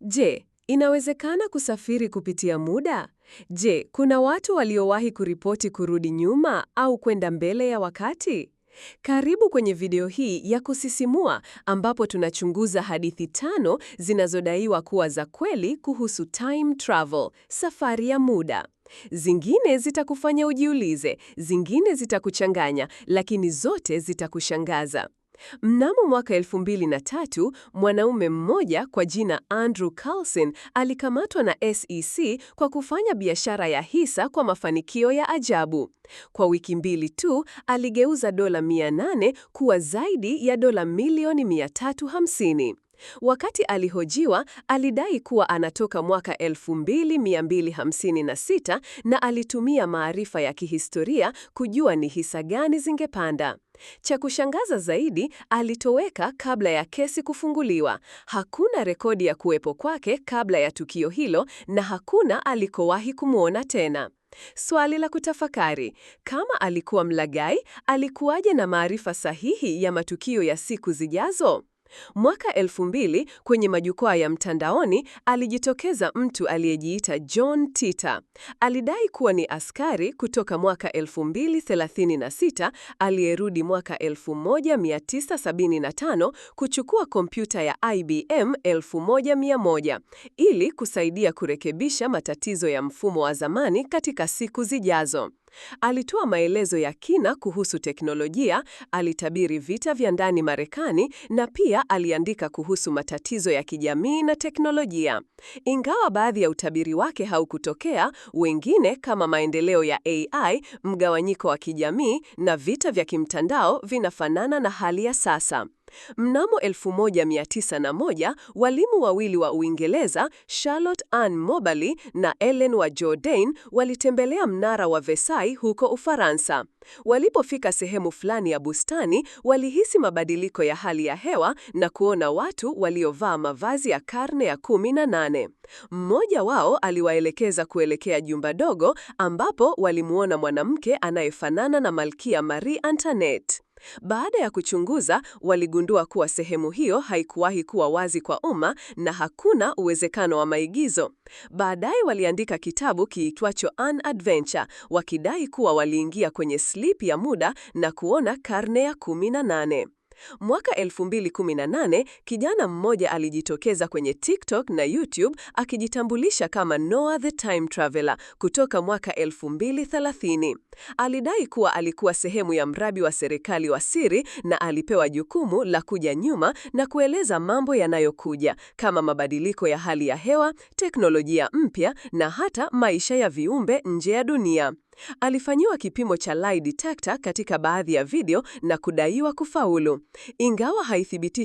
Je, inawezekana kusafiri kupitia muda? Je, kuna watu waliowahi kuripoti kurudi nyuma au kwenda mbele ya wakati? Karibu kwenye video hii ya kusisimua ambapo tunachunguza hadithi tano zinazodaiwa kuwa za kweli kuhusu time travel, safari ya muda. Zingine zitakufanya ujiulize, zingine zitakuchanganya, lakini zote zitakushangaza. Mnamo mwaka tatu, mwanaume mmoja kwa jina Andrew Carlson alikamatwa na SEC kwa kufanya biashara ya hisa kwa mafanikio ya ajabu. Kwa wiki mbili tu, aligeuza dola 800 kuwa zaidi ya dola milioni 350. Wakati alihojiwa, alidai kuwa anatoka mwaka 2256 na alitumia maarifa ya kihistoria kujua ni hisa gani zingepanda. Cha kushangaza zaidi, alitoweka kabla ya kesi kufunguliwa. Hakuna rekodi ya kuwepo kwake kabla ya tukio hilo na hakuna alikowahi kumwona tena. Swali la kutafakari: kama alikuwa mlaghai, alikuwaje na maarifa sahihi ya matukio ya siku zijazo? Mwaka elfu mbili kwenye majukwaa ya mtandaoni alijitokeza mtu aliyejiita John Tita. Alidai kuwa ni askari kutoka mwaka 2036 aliyerudi mwaka 1975 kuchukua kompyuta ya IBM 1100 ili kusaidia kurekebisha matatizo ya mfumo wa zamani katika siku zijazo. Alitoa maelezo ya kina kuhusu teknolojia, alitabiri vita vya ndani Marekani na pia aliandika kuhusu matatizo ya kijamii na teknolojia. Ingawa baadhi ya utabiri wake haukutokea, wengine kama maendeleo ya AI, mgawanyiko wa kijamii na vita vya kimtandao vinafanana na hali ya sasa. Mnamo 1901 walimu wawili wa Uingereza, Charlotte Ann Moberly na Ellen wa Jourdain, walitembelea mnara wa Versailles huko Ufaransa. Walipofika sehemu fulani ya bustani, walihisi mabadiliko ya hali ya hewa na kuona watu waliovaa mavazi ya karne ya 18. Mmoja wao aliwaelekeza kuelekea jumba dogo ambapo walimuona mwanamke anayefanana na Malkia Marie Antoinette. Baada ya kuchunguza, waligundua kuwa sehemu hiyo haikuwahi kuwa wazi kwa umma na hakuna uwezekano wa maigizo. Baadaye waliandika kitabu kiitwacho An Adventure, wakidai kuwa waliingia kwenye slip ya muda na kuona karne ya 18. Mwaka 2018 kijana mmoja alijitokeza kwenye TikTok na YouTube akijitambulisha kama Noah the Time Traveler kutoka mwaka 2030. Alidai kuwa alikuwa sehemu ya mrabi wa serikali wa siri na alipewa jukumu la kuja nyuma na kueleza mambo yanayokuja kama mabadiliko ya hali ya hewa, teknolojia mpya na hata maisha ya viumbe nje ya dunia. Alifanyiwa kipimo cha lie detector katika baadhi ya video na kudaiwa kufaulu, ingawa haithibitishi